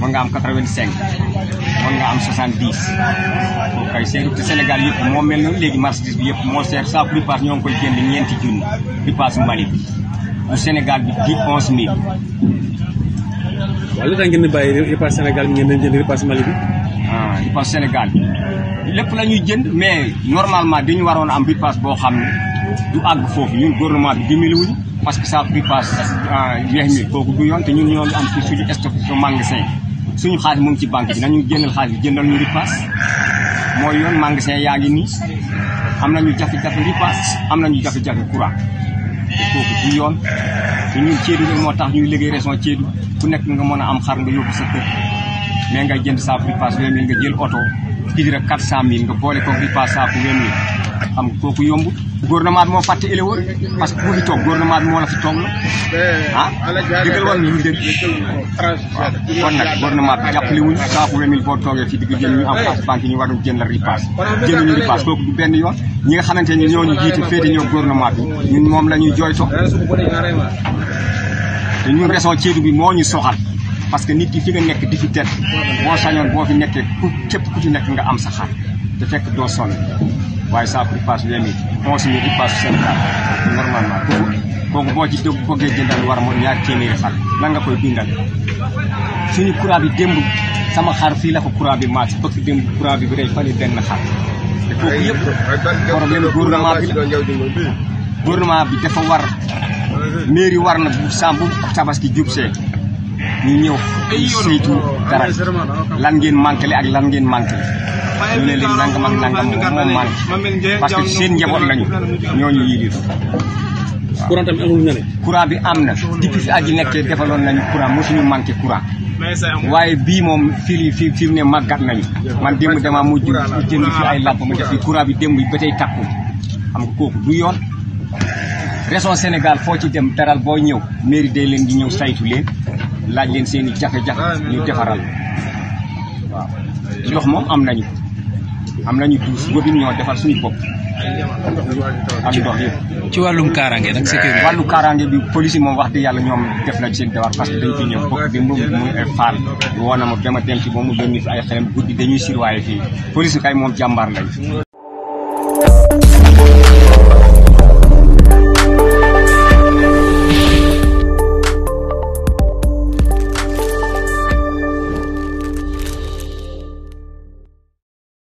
mën nga am 85 mën nga am 70 kay koy seeru senegal Sénégal mo mel non legui marchandise bi yep mo seer sa plus pas ñong koy jënd ñeenti junni bi paas Mali bi bu senegal bi di 11000. waaw lu tax ngeen di pas Senegal Sénégal ngeen di jënd ripaas Mali bi. ah ripaas Sénégal Senegal, la ñuy jënd mais normalement dañu waroon am bi boo bo xamni du ag fofu ñun gouvernement bi dimbali wuñ parce que ça ah yéñ ni koku du yoon té ñun ñoo am ci suñu stock 5 suñu xaalis mu ngi ci banque bi nañu génnal xaalis bi jëndal ñu ripaas mooy yoon magasin yaa ngi nii am nañu jafe-jafe ripaas am nañu jafe-jafe courant te kooku du yoon te ñun Kédougou moo tax ñuy liggéey région Kédougou ku nekk nga mën a am xar nga yóbbu sa kër mais ngay jënd saabu ripaas yooyu nga jël oto hijra quatre cent mille nga boole koog di pass saaku vingt mille kooku yomb gouvernement moo fàtte éleveur parce que ku toog gouvernement bi moo la fi toog eh, ah jàppale wuñu saaku vingt mille boo toogee fii digg jël ñu en face banque ñu war a jënd la ripaas eh, jënduñu ripaas kooku du benn yoon ñi nga xamante ni ñooñu jiite féete ñoo gouvernement bi ñun moom la ñuy jooyto eh, te ñun région Kédougou bi moo ñu soxal parce que nit ki fi nga nek di fi tet bo sañon bo fi nekkee ku képp ku ci nek nga am sa xar te fekk doo sonn waaye saa pour passe léegi onze mille di passe ka normalement ko ko bo ci ko ge jëndal war mo ñaar ni xar la nga koy bindal suñu courant bi démb sama xar fi la ko courant bi maat bëkk démb courant bi bi day fali ben xar te yëpp problème gouvernement bi gouvernement bi dafa war mairie war na bu sambu tabaski djubse ñu ñëw ay saytu oh, oh, dara oh, lan ngeen le ak lan ngeen manqué ñu ne leen nangam ak nangam moo manqué parce que seen njaboot lañu ñooñu yilif courant tamit amul nga ne. courant bi am na depuis fi aji defaloon nañu courant mosuñu manqué courant waaye bii moom fii fii fiir ne màggat nañu man démb dama mujj jënd fi ay làmp ma def fi courant bi démb yi ba tey tàkkul xam nga kooku du yoon région Sénégal foo ci dem daral boo ñëw mairie day leen di ñëw saytu leen laaj leen seen i jafe-jafe ñu defaral waaw ndox moom am nañu am nañu douche boobu ñoo defar suñu bopp am ndox yëpp. ci wàllum kaarange nag sécurité. wàllu kaarange bi police moom wax dëgg yàlla ñoom def nañ seen devoir parce que dañ fi ñëw bokk démb muy ay faal woo na dama dem ci moom mu yónni fi ay xelam guddi dañuy surveiller fii police kay moom jàmbaar lañ.